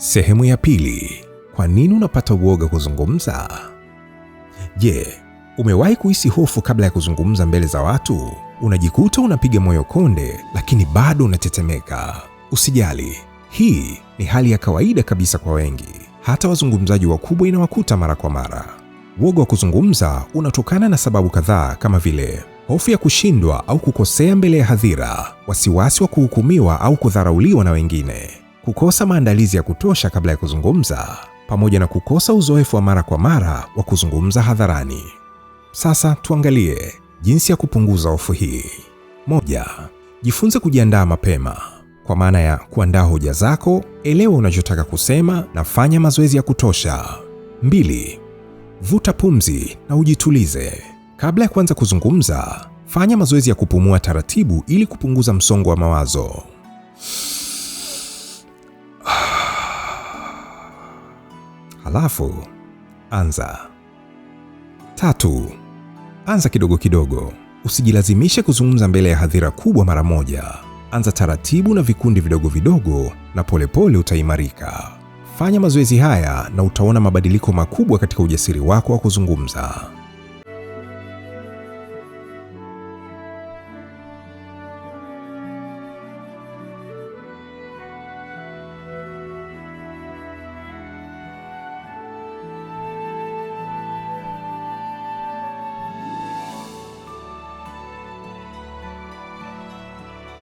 Sehemu ya pili: kwa nini unapata uoga kuzungumza? Je, umewahi kuhisi hofu kabla ya kuzungumza mbele za watu? Unajikuta unapiga moyo konde, lakini bado unatetemeka? Usijali, hii ni hali ya kawaida kabisa kwa wengi. Hata wazungumzaji wakubwa inawakuta mara kwa mara. Uoga wa kuzungumza unatokana na sababu kadhaa kama vile hofu ya kushindwa au kukosea mbele ya hadhira, wasiwasi wa kuhukumiwa au kudharauliwa na wengine kukosa maandalizi ya kutosha kabla ya kuzungumza, pamoja na kukosa uzoefu wa mara kwa mara wa kuzungumza hadharani. Sasa tuangalie jinsi ya kupunguza hofu hii. Moja, jifunze kujiandaa mapema kwa maana ya kuandaa hoja zako, elewa unachotaka kusema na fanya mazoezi ya kutosha. Mbili, vuta pumzi na ujitulize kabla ya kuanza kuzungumza. Fanya mazoezi ya kupumua taratibu ili kupunguza msongo wa mawazo. alafu anza. Tatu, anza kidogo kidogo. Usijilazimishe kuzungumza mbele ya hadhira kubwa mara moja. Anza taratibu na vikundi vidogo vidogo, na polepole pole utaimarika. Fanya mazoezi haya na utaona mabadiliko makubwa katika ujasiri wako wa kuzungumza.